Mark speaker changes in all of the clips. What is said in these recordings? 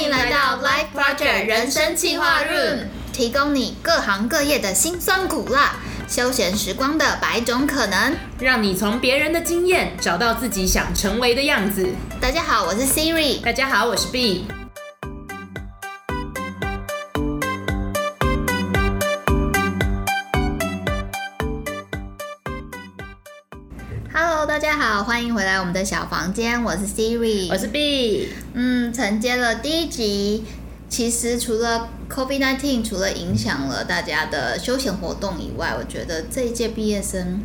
Speaker 1: 歡迎來到 Life Project 人生計劃 Room，提供你各行各業的辛酸苦辣，休閒時光的百種可能，讓你從別人的經驗找到自己想成為的樣子。大家好，我是 Siri。大家好，我是 Bee。大家好，歡迎回來我們的小房間。我是 Siri，我是 Bee。嗯，承接了第一集。其實除了 COVID-19，除了影響了大家的休閒活動以外，我覺得這一屆畢業生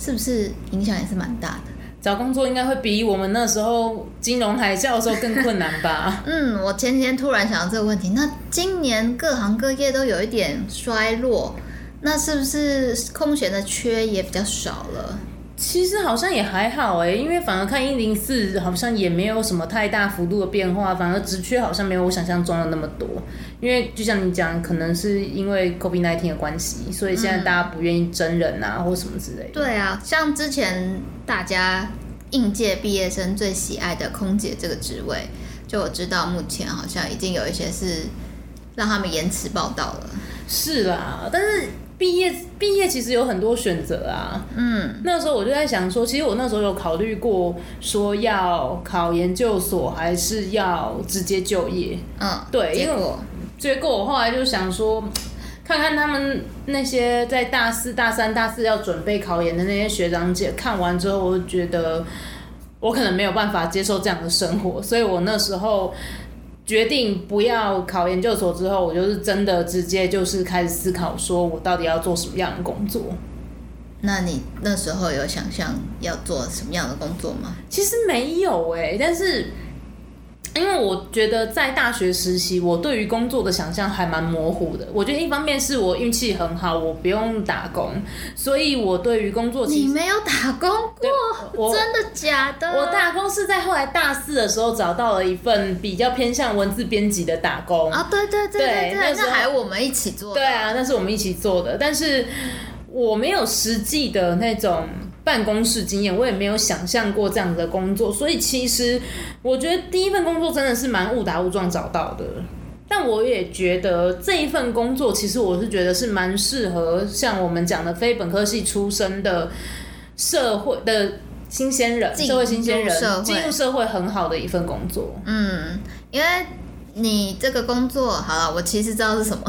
Speaker 1: 是不是影響也是蠻大的？找工作應該會比我們
Speaker 2: 那時候金融海嘯的時候更困難吧？
Speaker 1: 嗯，我前幾天突然想到這個問題。那今年各行各業都有一點衰落，那是不是空閒的缺也比較少了？
Speaker 2: 其實好像也還好哎、欸，因為反而看一零四好像也沒有什麼太大幅度的變化，反而職缺好像沒有我想象中的那麼多。因為就像你講，可能是因為 COVID-19 的關係，所以現在大家不願意徵人啊，嗯、或什麼之類的。
Speaker 1: 對啊，像之前大家應屆畢業生最喜愛的空姐這個職位，就我知道目前好像已經有一些是
Speaker 2: 讓他們延遲報到了。是啦，但是。畢業畢業其實有很多選擇啊，嗯，那時候我就在想說，其實我那時候有考慮過說要考研究所，還是要直接就業，嗯、哦，對，因為我結果我後來就想說，嗯、看看他們那些在大四、大三、大四要準備考研的那些學長姐，看完之後，我就覺得我可能沒有辦法接受這樣的生活，所以我那時候。決定不要考研究所之後，我就是真的直接就是開始思考，說我到底要做什麼樣的工作。
Speaker 1: 那你那時候有想象要做什麼樣的工作嗎？其實沒
Speaker 2: 有欸，但是。因為我覺得在大學時期，我對於工作的想象還蠻模糊的。我覺得一方面是我運氣很好，我不用打工，所以我對於工作，你沒有打工過，真的假的？我打工是在後來大四的時候找到了一份比較偏向文字編輯的打工啊。對對對對，對，對，那是還有我們一起做的啊，的。對啊，那是我們一起做的，但是我沒有實際的那種。辦公室經驗，我也沒有想象過這樣子的工作，所以其實我覺得第一份工作真的是蠻誤打誤撞找到的。但我也覺得這一份工作，其實我是覺得是蠻適合像我們講的非本科系出身的社會的新鮮人，社會、社會新鮮人進入社會很好的一份工作。
Speaker 1: 嗯，因為你這個工作好了、啊，我其實知道是什麼，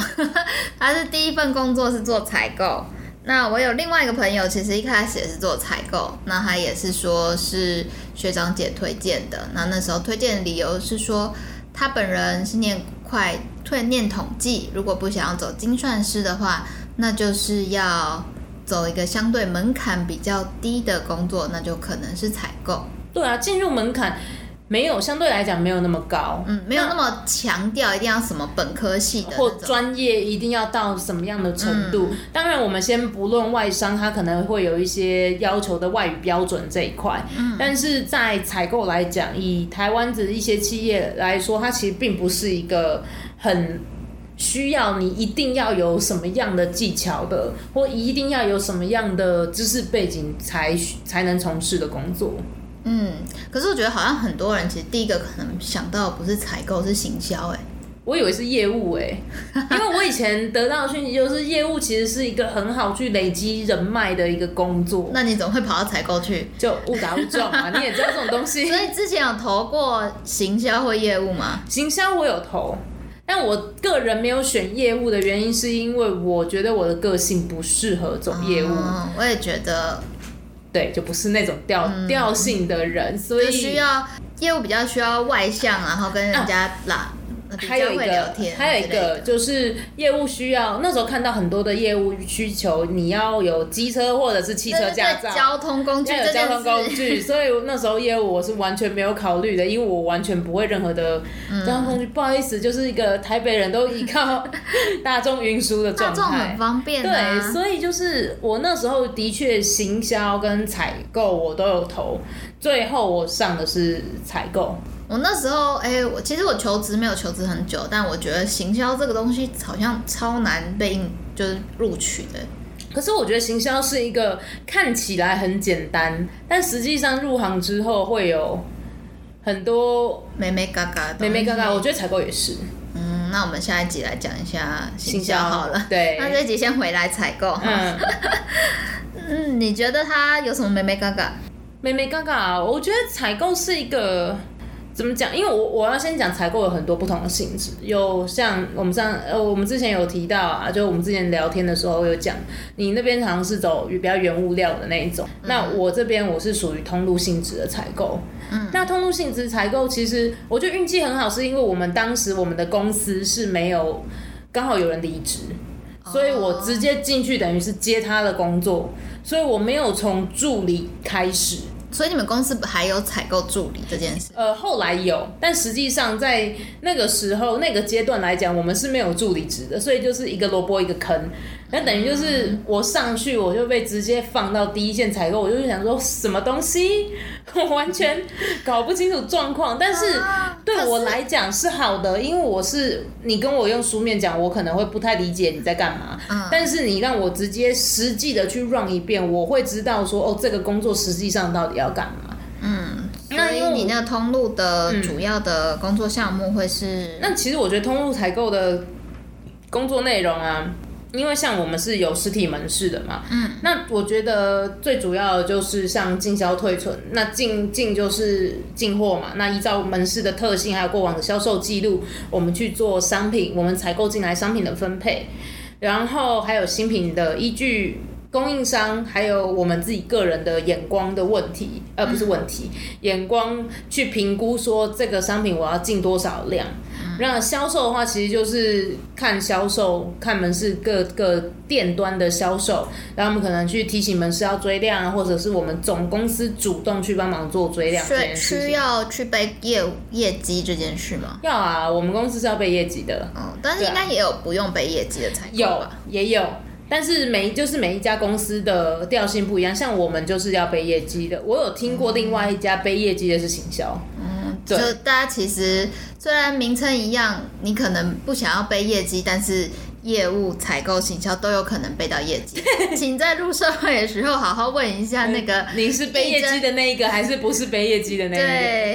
Speaker 1: 它是第一份工作是做採購。那我有另外一個朋友，其實一開始也是做採購，那他也是說是學長姐推薦的。那那時候推薦的理由是說，他本人是念快突然念統計，如果不想要走精算師的話，那就是要走一個相對門檻比較低的工作，那就可能是採購。對
Speaker 2: 啊，進入門檻。沒有，相對來講沒有那麼高，嗯，沒有那麼強調一定要什麼本科系的或專業一定要到什麼樣的程度。嗯，當然，我們先不論外商，它可能會有一些要求的外語標準這一塊。嗯，但是在採購來講，以台灣的一些企業來說，它其實並不是一個很需要你一定要有什麼樣的技巧的，或一定要有什麼樣的知識背景才才能從事的工作。嗯，可是我覺
Speaker 1: 得好像很多人其實第一個可能想到的不是採購，是行銷、欸，
Speaker 2: 哎，我以為是業務、欸，哎，因為我以前得到的訊息就是 業務其實是一個很好去累積人脈的一個工作，那你怎麼會跑到採購去？就誤打誤撞嘛、啊，你也知道這種東西。 所
Speaker 1: 以之前有投過行銷或業務嗎？行銷我
Speaker 2: 有投，但我個人沒有選業務的原因是因為我覺得我的個性不適合走業務。嗯，我也覺得。對，就不是那種調調性的人，嗯，所以需要
Speaker 1: 業務比較需要外向，然後跟人家拉。嗯啊、還有一個，
Speaker 2: 還有一個就是業務需要。那時候看到很多的業務需求，你要有機車或者是汽車駕照。交通工具，有交通工具，所以那時候業務我是完全沒有考慮的，因為我完全不會任何的交通工具。嗯、不好意思，就是一個台北人都依靠大眾運輸的狀態。大眾很方便，啊。對，所以就是我那時候的確行銷跟採購我都有投，最後我上的
Speaker 1: 是採購。我那時候，哎、欸，我其實我求職沒有求職很久，但我覺得行
Speaker 2: 銷這個東西好像超難被應就是錄取的。可是我覺得行銷是一個看起來很簡單，但實際上入行之後會有很多妹妹嘎嘎的妹妹嘎嘎。我覺得採購也是。嗯，那我們下
Speaker 1: 一集來講一下行銷好了。對，那這集先回來採購。嗯， 嗯，你覺得他有什麼妹妹嘎嘎
Speaker 2: 妹妹嘎嘎？我覺得採購是一個。怎麼講？因為我我要先講採購有很多不同的性質，有像我們上呃，我們之前有提到啊，就我們之前聊天的時候有講，你那邊常常是走比較原物料的那一種，嗯，那我這邊我是屬於通路性質的採購。嗯，那通路性質採購，其實我覺得運氣很好，是因為我們當時我們的公司是沒有剛好有人離職，所以我直接進去等於是接他的工作，所以我沒有從助理開始。所以你們公司不還有採購助理這件事？呃，後來有，但實際上在那個時候，那個階段來講，我們是沒有助理職的，所以就是一個蘿蔔一個坑。那等於就是我上去，我就被直接放到第一線採購。我就想說，什麼東西？我完全搞不清楚狀況。但是對我來講是好的，因為我是你跟我用書面講，我可能會不太理解你在幹嘛。但是你讓我直接實際的去 run 一遍，我會知道說，哦，這個工作實際上到底要幹嘛。嗯。
Speaker 1: 那因為你那通路的主要的工作項目會是、嗯……那其實我覺得通路採購的
Speaker 2: 工作內容啊。因為像我們是有實體門市的嘛，嗯、那我覺得最主要的就是像進銷退存，那進進就是進貨嘛，那依照門市的特性還有過往的銷售記錄，我們去做商品，我們採購進來商品的分配，然後還有新品的依據供應商，還有我們自己個人的眼光的問題，呃不是問題，眼光去評估說這個商品我要進多少量。那銷售的話，其實就是看銷售，看門市各個店端的銷售，然後我們可能去提醒門市要追量，或者是我們總公司主動去幫忙做追量。需要去背業務業績這件事嗎？要啊，我們公司是要背業績的。嗯，但
Speaker 1: 是應該也有不用背業績的採
Speaker 2: 購吧？對啊，有啊，也有，但是每就是每一家公司的調性不一樣，像我們就是要背業績的。我有聽過另外一家背業績的是行
Speaker 1: 銷。嗯對就大家其實雖然名稱一樣，你可能不想要背業績，但是業務、採購、行銷都有可能背到業績。對請在入社會的時候好好問一下那個，
Speaker 2: 你是背業績的那一個， 還是不是背業績的那一個？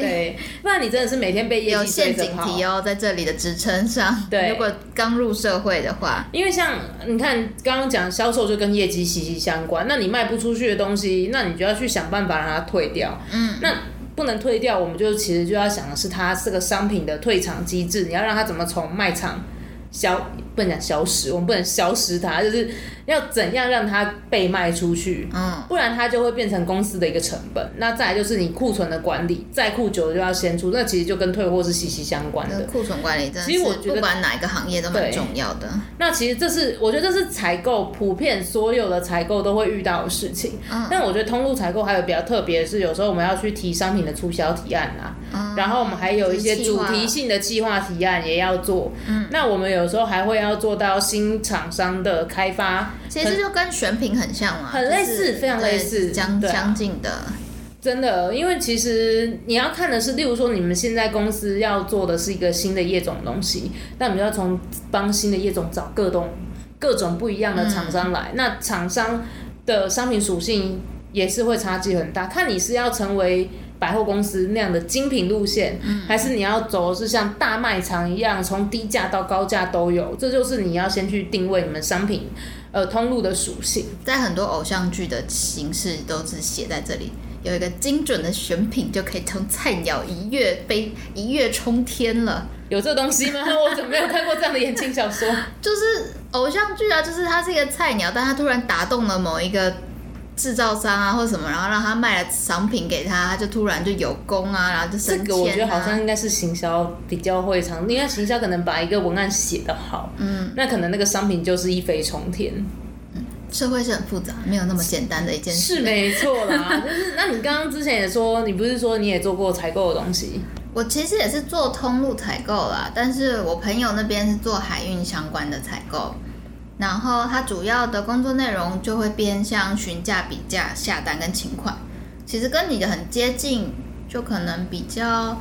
Speaker 1: 對，不然你真的是每天背業績，有陷阱題哦， 在這裡的職稱上。對，如果
Speaker 2: 剛入社會的話，因為像你看剛剛講銷售就跟業績息息相關，那你賣不出去的東西，那你就要去想辦法讓它退掉。嗯，那。不能退掉，我們就其實就要想的是，它，這個商品的退場機制，你要讓它怎麼從賣場消，不能講消失，我們不能消失它，就是。要怎樣讓它被賣出去？嗯，不然它就會變成公司的一個成本。嗯、那再就是你庫存的管理，再庫久了就要先出。那其實就跟退貨是息息相關的。嗯、這個庫存管理真的，其實我覺得不管哪一個行業都蠻重要的。那其實這是我覺得這是採購普遍所有的採購都會遇到的事情。嗯，但我覺得通路採購還有比較特別的是，有時候我們要去提商品的促銷提案啊，嗯、然後我們還有一些主題性的企劃提案也要做。嗯，那我們有時候還會要做到新廠商的開發。其實就跟選品很像嘛，很，很類似，非常類似，相相近的對、啊。真的，因為其實你要看的是，例如說，你們現在公司要做的是一個新的業種的東西，那你要從幫新的業種找各種各種不一樣的廠商來，嗯、那廠商的商品屬性也是會差距很大。看你是要成為百貨公司那樣的精品路線，嗯、還是你要走的是像大賣場一樣，從低價到高價都有。這就是你要先去定位你們商品。呃，通路的屬性，在很多偶像
Speaker 1: 劇的形式都是寫在這裡。有一個精準的選品，就可以從菜鳥一躍飛一躍衝天了。有這東西嗎？ 我怎麼沒有看過這樣的言情小說？ 就是偶像劇啊，就是他是一個菜鳥，但他突然打動了某一個。製造商啊，或什麼，然後讓他賣了商品給他，他就突然就有功啊，然後
Speaker 2: 就升遷啊。這個我覺得好像應該是行銷比較會常，因為行銷可能把一個文案寫得好，嗯，那可能那個商品就是一飛衝天。嗯，社會是很複雜，沒有那麼簡單的一件事，是,是沒錯啦。就 是那你剛剛之前也說，你不是說你也做過採購的東西？
Speaker 1: 我其實也是做通路採購啦，但是我朋友那邊是做海運相關的採購。然後他主要的工作內容就會偏向詢價、比價、下單跟請款，其實跟你的很接近，就可能比
Speaker 2: 較。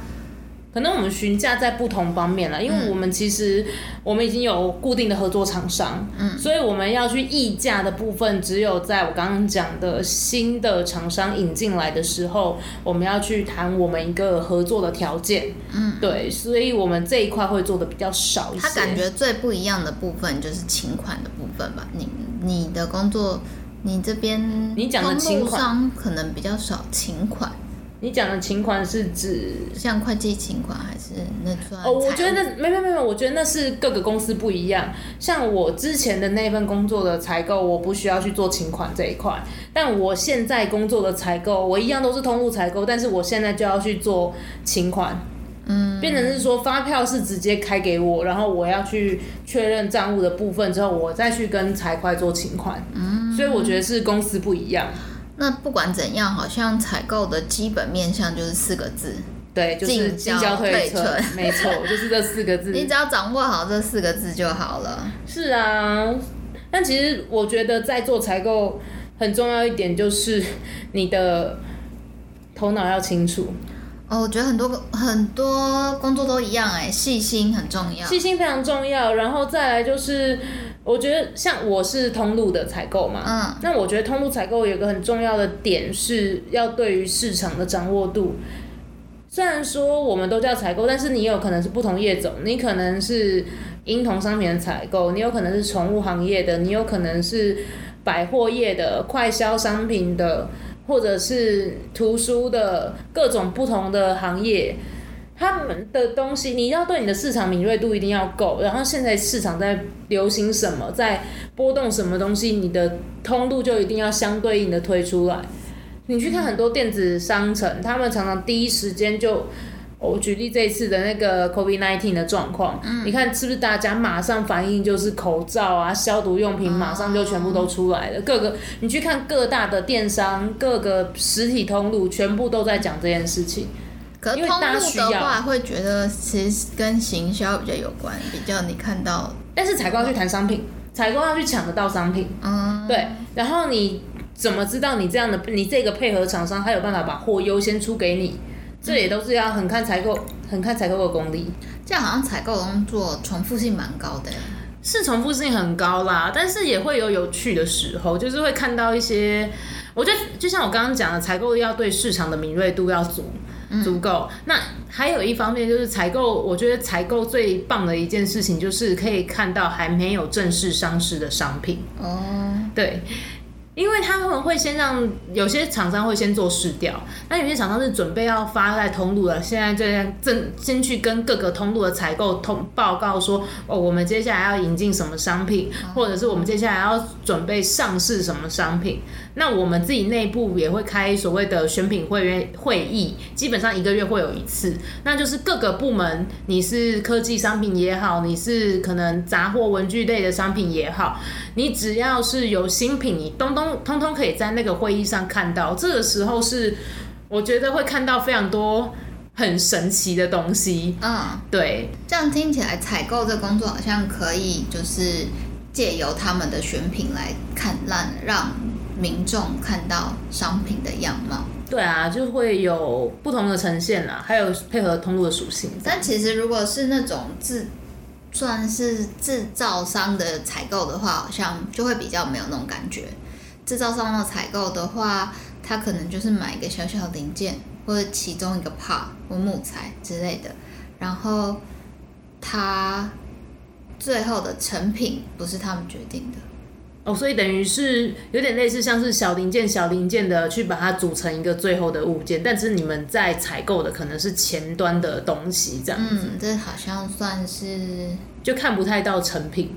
Speaker 2: 可能我們詢價在不同方面了，嗯、因為我們其實我們已經有固定的合作廠商，嗯，所以我們要去議價的部分，只有在我剛剛講的新的廠商引進來的時候，我們要去談我們一個合作的條件，嗯，對，所以我們這一塊會做的比較少一些。他感覺最
Speaker 1: 不一樣的部分就是請款的部分吧？你你的工作，你這邊你講的請款可能比較少請款。你講的請款是指像會計請款，還是那？哦，我覺
Speaker 2: 得那沒沒沒沒，我覺得那是各個公司不一樣。像我之前的那份工作的採購，我不需要去做請款這一塊。但我現在工作的採購，我一樣都是通路採購，但是我現在就要去做請款，嗯，變成是說發票是直接開給我，然後我要去確認賬務的部分之後，我再去跟財會做請款，嗯，所以我覺得是公司
Speaker 1: 不一樣。那不管怎樣，好像採購的基本面向就是四個字，對，就競、是、標、備存，沒錯，就
Speaker 2: 是這四個字。 你只要
Speaker 1: 掌握好這四個字就好了。
Speaker 2: 是啊，但其實我覺得在做採購很重要一點就是你的頭腦要清楚。哦，我覺
Speaker 1: 得很多很多工作都一樣、欸，哎，細心很重要，細
Speaker 2: 心非常重要，嗯、然後再來就是。我覺得像我是通路的採購嘛，嗯，那我覺得通路採購有一個很重要的點是要對於市場的掌握度。雖然說我們都叫採購，但是你有可能是不同業種，你可能是嬰童商品的採購，你有可能是寵物行業的，你有可能是百貨業的、快消商品的，或者是圖書的各種不同的行業。他們的東西，你要對你的市場敏銳度一定要夠。然後現在市場在流行什麼，在波動什麼東西，你的通路就一定要相對應的推出來。你去看很多電子商城，嗯、他們常常第一時間就，我舉例這一次的那個 COVID-19 的狀況，嗯、你看是不是大家馬上反應就是口罩啊、消毒用品，馬上就全部都出來了。嗯、各個你去看各大的電商，各個實體通路全部都在講這件事情。可是通路的話，
Speaker 1: 會覺得其實跟行銷比較有關，比較你看到。
Speaker 2: 但是採購要去談商品，採購、嗯、要去搶得到商品，嗯、對。然後你怎麼知道你這樣的，你這個配合廠商，他有辦法把貨優先出給你？這也都是要很看採購，嗯、很看採購的功力。
Speaker 1: 這樣好像採購工作重複性蠻高的。
Speaker 2: 是重複性很高啦，但是也會有有趣的時候，就是會看到一些，我覺得就像我剛剛講的，採購要對市場的敏銳度要足。足夠。那還有一方面就是採購，我覺得採購最棒的一件事情就是可以看到還沒有正式上市的商品。哦、嗯，對。因為他們會先讓有些廠商會先做試調，那有些廠商是準備要發在通路了。現在就正正先去跟各個通路的採購通報告說，哦，我們接下來要引進什麼商品，或者是我們接下來要準備上市什麼商品。那我們自己內部也會開所謂的選品會員會議，基本上一個月會有一次。那就是各個部門，你是科技商品也好，你是可能雜貨文具類的商品也好，你只要是有新品，你東東。通通可以在那個會議上看到，這個時候是我覺得會看到非常多很神奇的東西。嗯，對，
Speaker 1: 這樣聽起來，採購這工作好像可以就是借由他們的選品來看，讓讓民眾看到商品的樣貌。
Speaker 2: 對啊，就會有不同的呈現啦，還有配合通路的屬性。
Speaker 1: 但其實如果是那種自算是製造商的採購的話，好像就會比較沒有那種感覺。製造商的採購的話，他可能就是買一個小小零件，或者其中一個 part 或木材之類的，然後他最後的成品不是他們決定的。
Speaker 2: 哦，所以等於是有點類似，像是小零件、小零件的去把它組成一個最後的物件，但是你們在採購的可能是前端的東西，這樣。嗯，這
Speaker 1: 好像算是
Speaker 2: 就看不太到成品。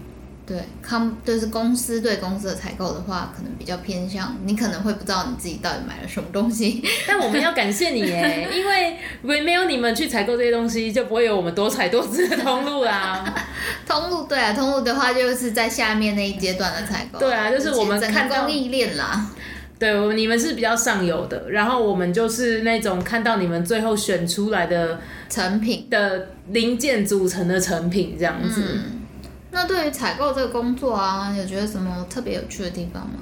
Speaker 1: 對康，就是公司對公司的採購的話，可能比較偏向，你可
Speaker 2: 能會不知道你自己到底買了什麼東西。但我們要感謝你耶， 對因為如果沒有你們去採購這些東西，就不會有我們多采多姿的通路啦、啊。 通路對啊，
Speaker 1: 通路的話就是在下面那一階段的採購。對啊，就是我們看供應
Speaker 2: 鏈啦。對，你們是比較上游的，然後我們就是那種看到你們最後選出來的成品的零件組成的成品這樣子。嗯
Speaker 1: 那對於採購這個工作啊，有覺得什麼特別有趣的地方嗎？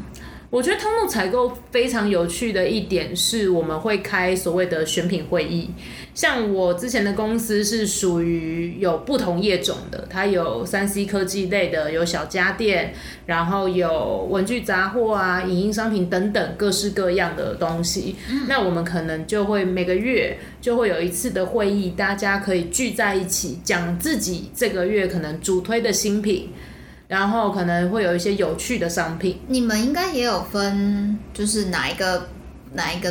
Speaker 2: 我覺得通路採購非常有趣的一點是，我們會開所謂的選品會議。像我之前的公司是屬於有不同業種的，它有三 C 科技類的，有小家電，然後有文具雜貨啊、影音商品等等各式各樣的東西。那我們可能就會每個月就會有一次的會議，大家可以聚在一起講自己這個月可能主推的新品。然後可能會有一些有趣的商品，你們應該也有分，
Speaker 1: 就是哪一個，哪一個，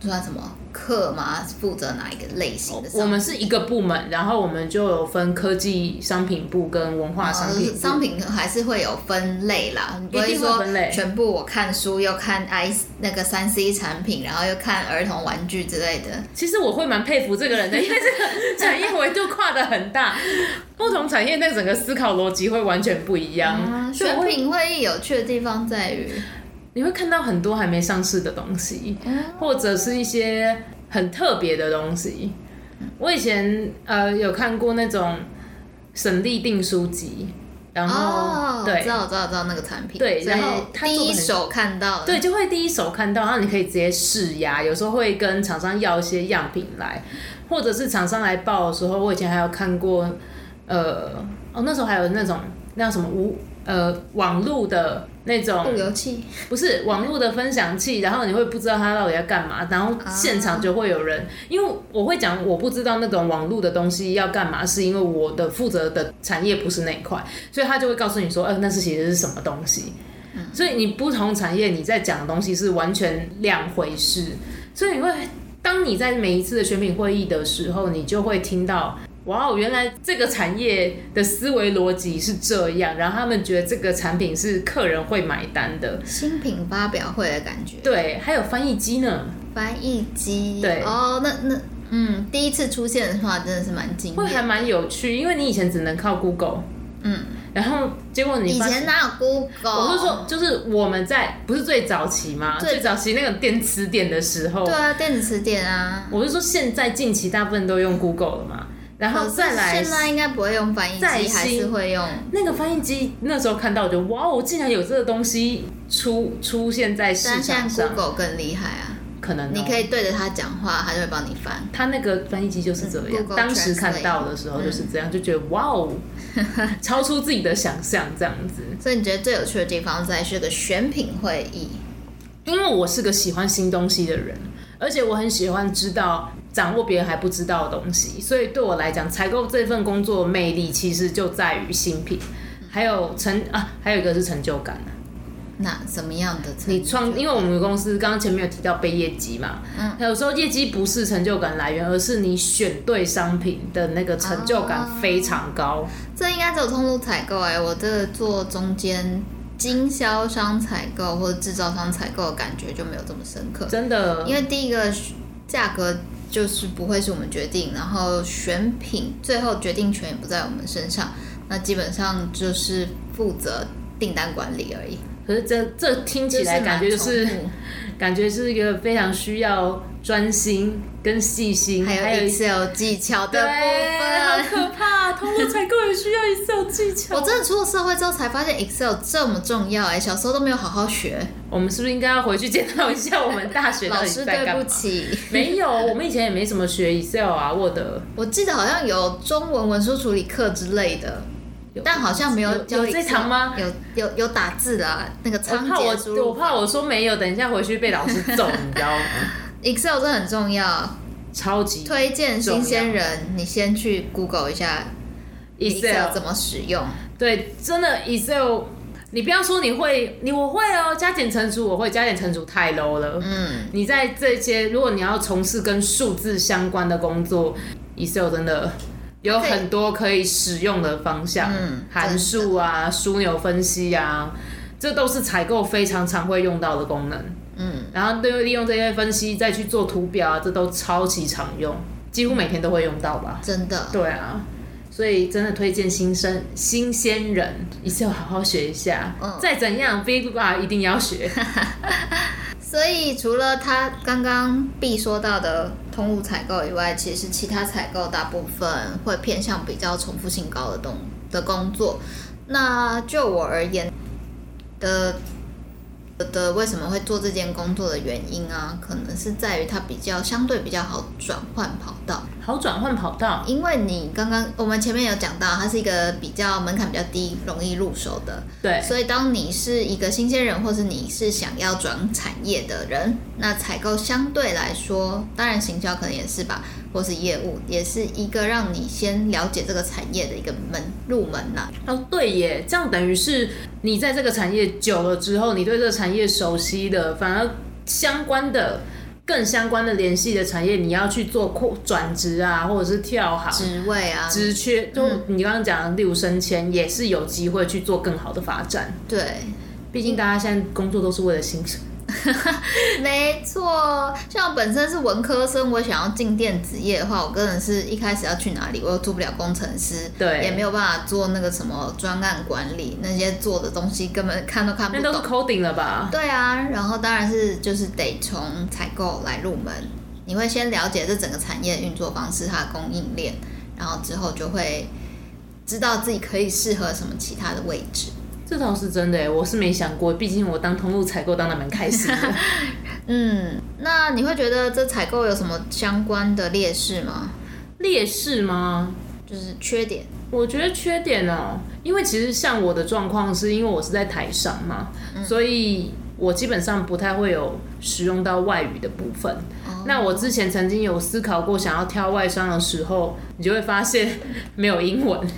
Speaker 1: 這算什麼課嗎？負責哪一個類
Speaker 2: 型的、哦？我們是一個部門，然後我們就有分科技商品部跟文化商品部、哦就是，
Speaker 1: 商品還是會有分類啦，你不會說全部我看書又看 I 那個三 C 產品，然後又看兒童玩具之類的。
Speaker 2: 其實我會蠻佩服這個人的，因為這個產業維度跨得很大， 不同產業，那整個思考邏輯會完全不一樣。嗯啊、選
Speaker 1: 品會議有趣的地方在於。
Speaker 2: 你會看到很多還沒上市的東西，oh. 或者是一些很特別的東西。我以前呃有看過那種省力訂書機，然後、oh, 對知，知道知道知道那個產品，對，然後他第一手看到的，對，就會第一手看到，然後你可以直接試呀，有時候會跟廠商要一些樣品來，或者是廠商來報的時候，我以前還有看過呃，哦，那時候還有那種那叫什麼無呃網路的。那種路由器不是網絡的分享器，嗯、然後你會不知道它到底要幹嘛，然後現場就會有人，啊、因為我會講我不知道那種網絡的東西要幹嘛，是因為我的負責的產業不是那一塊，所以他就會告訴你說，呃、欸，那是其實是什麼東西，嗯、所以你不同產業你在講的東西是完全兩回事，所以你會當你在每一次的選品會議的時候，你就會聽到。哇哦！Wow, 原來這個產業的思維邏輯是這樣，然後他們覺得這個產品是客人會買單的，新
Speaker 1: 品發表會的感
Speaker 2: 覺。對，還有翻譯機呢。翻譯機。對哦、oh,，那那嗯，第一次出現的話真的是蠻驚艷的。會還蠻有趣，因為你以前只能靠 Google，
Speaker 1: 嗯，
Speaker 2: 然後結果你以前哪
Speaker 1: 有 Google？我是說，
Speaker 2: 就是我們在不是最早期嗎？對最早期那個電子詞典的時候。對啊，
Speaker 1: 電子詞典啊。
Speaker 2: 我是說，現在近期大部分都用 Google 了嘛？然後再來，現在應該不會用翻譯再新還是會用那個翻譯機。那時候看到我覺得，就哇哦，竟然有這個東西出出現在市場上。但現在 Google 更厲害啊，可能你可以對着它講話，它就會幫你翻。它那個翻譯機
Speaker 1: 就是這樣，嗯，當時看到的時候就是這樣，就覺得哇哦，超出自己的
Speaker 2: 想象這樣子。所以你覺得最有趣的地方在是個選品會議，因為我是個喜歡新東西的人，而且我很喜歡知道。掌握別人還不知道的東西，所以對我來講，採購這份工作的魅力其實就在於新品，還有成啊，還有一個是成就感、啊、那什麼樣的成就感？你創？因為我們的公司剛剛前面有提到背業績嘛，嗯、啊，還有時候業績不是成就感來源，而是你選對商品的那個成就感非常高。啊、這應該只有通路採購哎，
Speaker 1: 我這個做中間經銷商採購或者制造商採購的感覺就沒有這麼深刻，真的，因為第一個價格。就是不會是我們決定，然後選品，最後決定權也不在我們身上，那基本上就
Speaker 2: 是負責訂單管理而已。可是這這聽起來感覺就是，是感覺是一個非常需要專心跟細心，還有 Excel 技巧的部分好可怕！通過採購也需要 Excel 技巧。 我真的出了社會之後
Speaker 1: 才發現 Excel 這麼重要哎、欸，小時候都沒有好好學。我們是不是應該要回去檢
Speaker 2: 討一下我們大學到底在 老師？對不起， 沒有，我們以前也沒什麼學 Excel 啊 Word。我，
Speaker 1: 我記得好像有中文文書處理課之類的。有但好像沒有，有，有這堂嗎？有有有打字的，那個長。我
Speaker 2: 怕我說沒有，等一下回去被老師揍， 你知道
Speaker 1: 嗎？Excel 真的很重要，超級重要，推薦新
Speaker 2: 鮮人，你先去 Google 一下 Excel 怎麼使用。對，真的 Excel，你不要說你會，你我會哦、喔，加減乘除我會，加減乘除太 low 了。嗯，你在這些，如果你要從事跟數字相關的工作，Excel 真的。有很多可以使用的方向，嗯、函數啊、樞紐的分析啊，這都是採購非常常會用到的功能。嗯，然後利用這些分析再去做圖表啊，這都超級常用，幾乎每天都會用到吧？嗯、真的？對啊，所以真的推薦新生、新鮮人一定要好好學一下。嗯、再怎樣、嗯，VBA 一定要學。
Speaker 1: 所以除了他剛剛必說到的。通路採購以外，其實其他採購大部分會偏向比較重複性高的東的工作。那就我而言的。的為什麼會做這件工作的原因啊，可能是在於它比較相對比較好轉換跑道，好轉換跑道，因為你剛剛我們前面有講到，它是一個比較門檻比較低、容易入手的，對，所以當你是一個新鮮人，或是你是想要轉產業的人，那採購相對來說，當然行銷可能也是吧。或是業務，也是一個讓你先了解這個產業的一個門入門吶、啊。哦，對耶，
Speaker 2: 這樣等於是你在這個產業久了之後，你對這個產業熟悉的，反而相關的、更相關的聯繫的產業，你要去做擴轉職啊，或者是跳行職位啊、職缺，就你剛剛講的，嗯、例如升遷，也是有機會去做更好的發展。對，畢竟大家現在工作都是為了薪水。
Speaker 1: 沒錯，像我本身是文科生，我想要進電子業的話，我個人是一開始要去哪裡？我又做不了工程師，對，也沒有辦法做那個什麼專案管理，那些做的東西根本看都看不懂。那都是 coding 了吧？對啊，然後當然是就是得從採購來入門，你會先了解這整個產業的運作方式，它的供應鏈，然後之後就會知道自己可以適合什麼其他的
Speaker 2: 位置。這倒是真的，我是沒想過，畢竟我當通路採購當得蠻開心的。 嗯，
Speaker 1: 那你會覺得這採購有什麼相關的劣勢嗎？
Speaker 2: 劣勢嗎？就是缺點。我覺得缺點哦、啊，因為其實像我的狀況，是因為我是在台上嘛，嗯、所以我基本上不太會有使用到外語的部分。哦、那我之前曾經有思考過想要挑外商的時候，你就會發現沒有英文。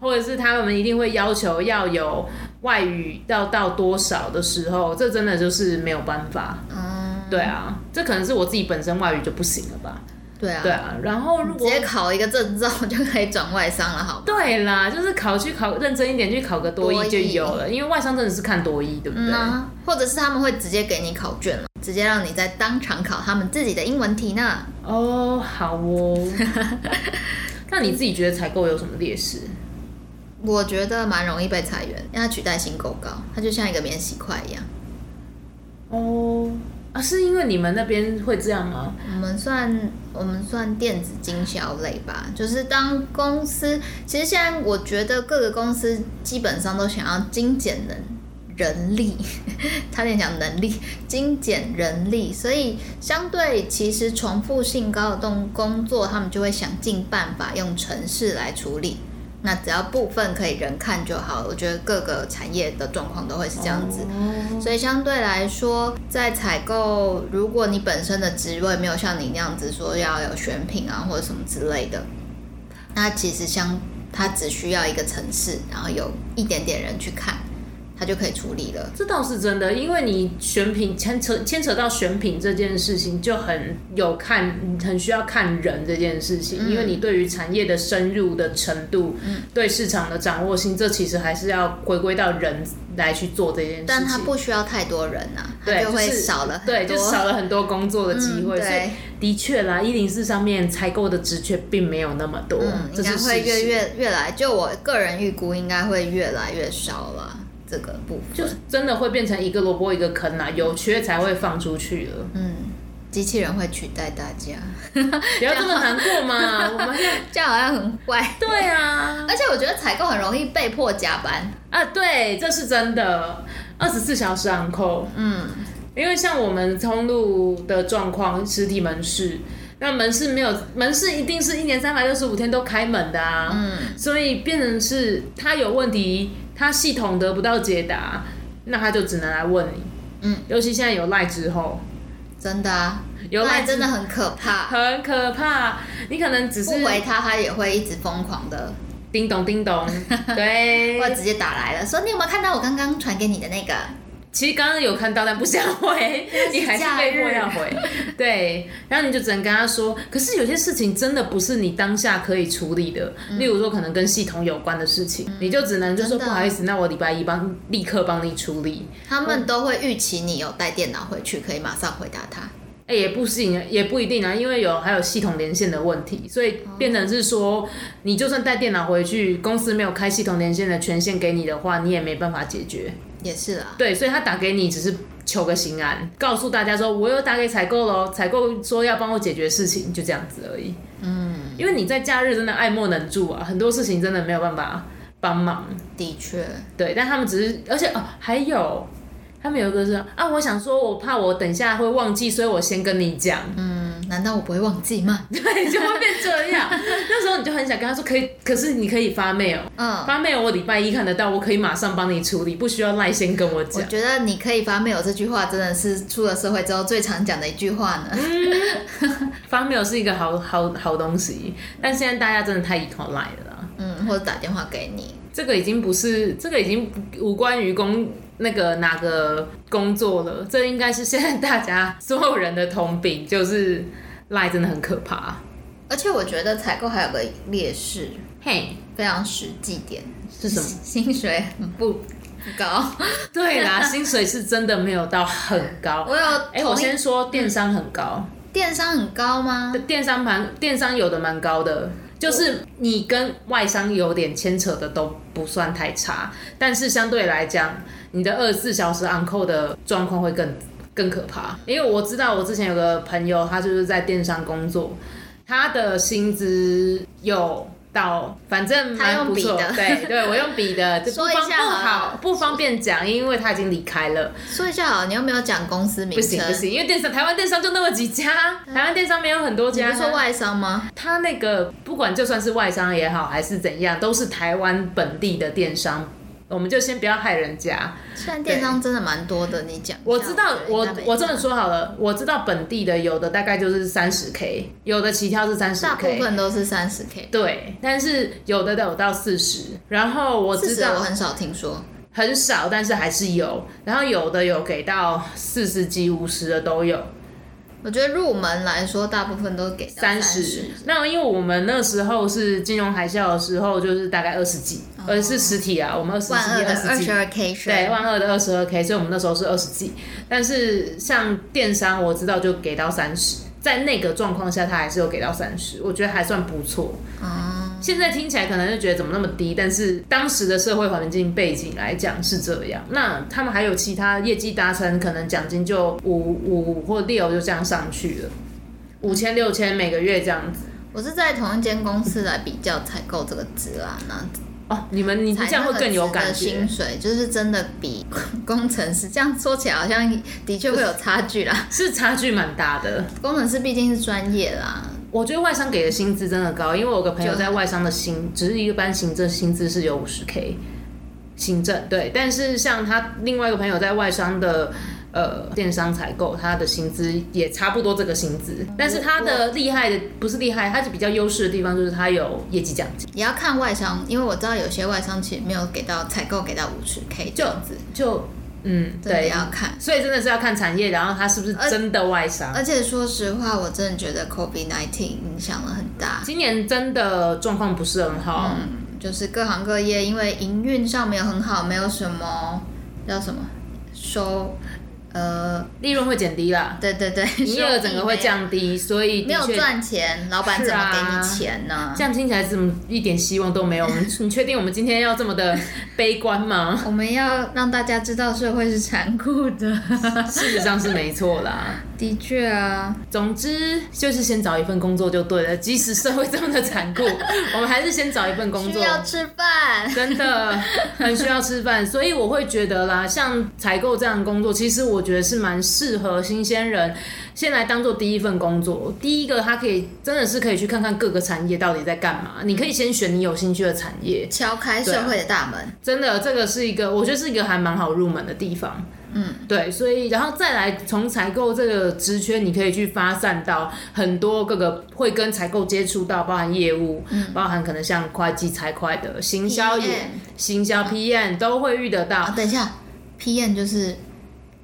Speaker 2: 或者是他們一定會要求要有外語要到多少的時候，這真的就是沒有辦法。嗯，對啊，這可能是我自己本身外語就不行了吧？對啊，對啊。然
Speaker 1: 後如果直接考一個證照就可以轉外商了，好
Speaker 2: 不好？對啦，就是考去考認真一點去考個多益就有了，多益。因為外商真的是看多益對不對？嗯、啊？或者是他們會直接給你
Speaker 1: 考卷了，直接讓你在當場考他們自己的英文題呢？哦
Speaker 2: ，oh, 好哦。
Speaker 1: 那你自己覺得採購有什麼劣勢？我覺得蠻容易被裁員，因為它取代性夠高，它就像一個免洗筷一樣。哦，啊，是因為你們那邊會這樣嗎？我們算我們算電子經銷類吧，就是當公司其實現在我覺得各個公司基本上都想要精簡能人力，差點講能力精簡人力，所以相對其實重複性高的動工作，他們就會想盡辦法用程式來處理。那只要部分可以人看就好，我覺得各個產業的狀況都會是這樣子，oh. 所以相對來說，在採購，如果你本身的職位沒有像你那樣子說要有選品啊或者什麼之類的，那其實相它只需要一個層次，然後有一點點人去看，他就可以處理了。
Speaker 2: 這倒是真的，因為你選品牽扯牽扯到選品這件事情，就很有看，你很需要看人這件事情，嗯、因為你對於產業的深入的程度，嗯、對市場的掌握性，這其實還是要回歸到人來去做這件事情。但他不
Speaker 1: 需要太多人啊，對，就會少了很多對、就是，對，就是、少了很
Speaker 2: 多工作的機會。嗯、對所以的確啦，104上面採購的職缺並沒有那麼多，嗯，應該會
Speaker 1: 越越越來，就我個人預估，應該會越
Speaker 2: 來越少了。這個部分就是真的會變成一個蘿蔔一個坑啊，有缺才會放出去了。嗯，機器人會取代大家， 不要這麼難過嘛。我們
Speaker 1: 這樣好像很怪。對啊，而且我覺得採購很容易被迫加
Speaker 2: 班啊，對，這是真的，二十四小時 on call，嗯，因為像我們通路的狀況，實體門市，那門市沒有門市一定是一年三百六十五天都開門的啊。嗯，所以變成是它有問題。他系統得不到解答，那他就只能來問你。嗯，尤其現在有賴之後，真的啊，有賴 L 真的很可怕，很可怕。你
Speaker 1: 可能只是不回他，他也會一直瘋狂的叮咚叮咚，對，或 直
Speaker 2: 接打來了，說你有沒有看到我剛剛傳給你的那個？其實剛剛有看到，但不想回，你、嗯、還是被迫要回， 對。然後你就只能跟他說，可是有些事情真的不是你當下可以處理的，嗯、例如說可能跟系統有關的事情，嗯、你就只能就說：‘的，不好意思，那我禮拜一幫立刻幫你處理。他們都會預期你有帶電腦回去，可以馬上回答他。哎、欸，也不行，也不一定啊，因為有還有系統連線的問題，所以變成是說，嗯、你就算帶電腦回去，公司沒有開系統連線的權限給你的話，你也沒辦法解決。也是啊，對，所以他打給你只是求個心安，告訴大家說我又打給採購咯，採購說要幫我解決事情，就這樣子而已。嗯，因為你在假日真的愛莫能助啊，很多事情真的沒有辦法幫忙。的確，對，但他們只是，而且哦、啊，還有他們有一個是啊，我想說我怕我等下會忘記，所以我先跟你講。嗯。難道我不會忘記嗎？ 對，就會變這樣。 那時候你就很想跟他說，可以，可是你可以發 mail。嗯，發 mail 我禮拜一看得到，我可以馬上幫你處理，不需要耐心跟我講。我覺得你可以發 mail 這句話，真的是出
Speaker 1: 了社會之後最常講的一句話呢、 嗯。
Speaker 2: 發 mail 是一個好好好東西，但現在大家真的太依靠賴了。嗯，或者打電話給你，這個已經不是，這個已經無關於公那個哪個工作了？這應該是現在大家所有人的通病，就是賴真的很可怕。而且我
Speaker 1: 覺得採購還有個劣勢，嘿，非常實際點是什麼？薪水很不，不高。
Speaker 2: 對啦，薪水是真的沒有到很高。我有哎、欸，我先說電商很高。嗯、電商很高嗎？電商蠻電商有的蠻高的，就是你跟外商有點牽扯的都不算太差，但是相對來講。你的二十四小時 u 扣的狀況會更更可怕，因為我知道我之前有個朋友，他就是在電商工作，他的薪資有到反正蠻不錯。他用筆的。對對，我用筆的不，不方便好，不方便講，說因為他已經離開了，說一下好了。你又沒有講公司名？不行不行，因為電商台灣電商就那麼幾家，呃、台灣電商沒有很多家。你不是說外商嗎？他那個不管就算是外商也好，還是怎樣，都是台灣本地的電商。嗯我們就先不要害人家。雖然電商對真的蠻多的，你講我知道，我我這麼說好了，我知道本地的有的大概就是三十 k，有的起跳是三十 k，大部分都是三十 k。對，對但是有的都有到四十，然後我知道我很少聽說，很少，但是還是有。然後有的有給到四十幾五
Speaker 1: 十的都有。我覺得入門來說，大部分都給三十 30, 吧。
Speaker 2: 那因為我們那時候是金融海嘯的時候，就是大概二十幾。而是實體啊，我們二十幾，二十幾，對，萬二的二十二 K，所以我們那時候是二十幾，但是像電商，我知道就給到三十，在那個狀況下，他還是有給到三十，我覺得還算不錯。嗯、現在聽起來可能就覺得怎麼那麼低，但是當時的社會環境背景來講是這樣。那他們還有其他業績達成，可能獎金就五五或六，就這樣上去了，五千六千每個月這樣子。嗯、我是在同一間公司來比較採購這個值啊，那。哦，你們你們這樣會更有感
Speaker 1: 覺。很薪水就是真的比工程師，這樣說起來好像的確會有差
Speaker 2: 距啦。是，是差距蠻大的，
Speaker 1: 工程師畢竟是專業啦。
Speaker 2: 我覺得外商給的薪資真的高，因為我有個朋友在外商的薪，只是一般行政薪資是有五十 K。行政，對，但是像他另外一個朋友在外商的。呃，電商採購他的薪資也差不多這個薪資，但是他的厲害的不是厲害，他是比較優勢的地方，就是他有業績獎金。也
Speaker 1: 要看外商，因為我知道有些外商其實沒有給到採
Speaker 2: 購給到五十 K，這樣子就，就嗯，對，要看。所以真的是要看產業，然後他是不是真的外商而。而
Speaker 1: 且說實話，我真的覺得 COVID-19 影響了很大，
Speaker 2: 今年真的狀況不是很好，嗯，就是各行各業因為營
Speaker 1: 運上沒有很好，沒有什麼叫什麼收。呃，利潤會減
Speaker 2: 低啦，對對對，營業額整個會降低，所以沒有賺
Speaker 1: 錢，老闆怎麼給你錢呢？啊啊？
Speaker 2: 這樣聽起來怎麼一點希望都沒有？ 你確定我們今天要這麼的悲觀嗎？ 我們要讓大家知道社會是殘酷的， 事實上是沒錯啦。的確啊，總之就是先找一份工作就對了。即使社會這麼的殘酷， 我們還是先找一份工作。需要吃飯，真的很需要吃飯。 所以我會覺得啦，像採購這樣的工作，其實我覺得是蠻適合新鮮人先來當做第一份工作。第一個，他可以真的是可以去看看各個產業到底在幹嘛。嗯，你可以先選你有興趣的產業，敲開社會的大門。真的，這個是一個，我覺得是一個還蠻好入門的地方。嗯，對，所以然後再來從採購這個職缺，你可以去發散到很多各個會跟採購接觸到，包含業務，嗯，包含可能像會計財、財會的行銷也行 PM 銷 PM、嗯、都會遇得到。啊、等一下 PM 就是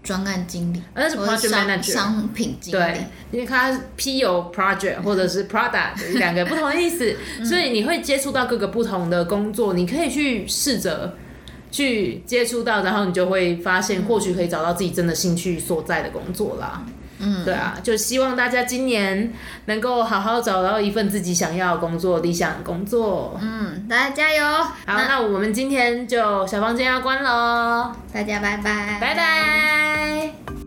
Speaker 2: 專案經理，那、啊、是 project Manager, 商，商品經理。對，因為它 PO project 或者是 product 兩個不同的意思， 嗯、所以你會接觸到各個不同的工作，你可以去試着。去接觸到，然後你就會發現，或許可以找到自己真的興趣所在的工作啦。嗯，
Speaker 1: 對啊，
Speaker 2: 就希望大家今年能夠好好找到一份自己想要的工作、理想的工作。嗯，大家加油！好，那，那我們今天就小房間要關了，大家拜拜，拜拜。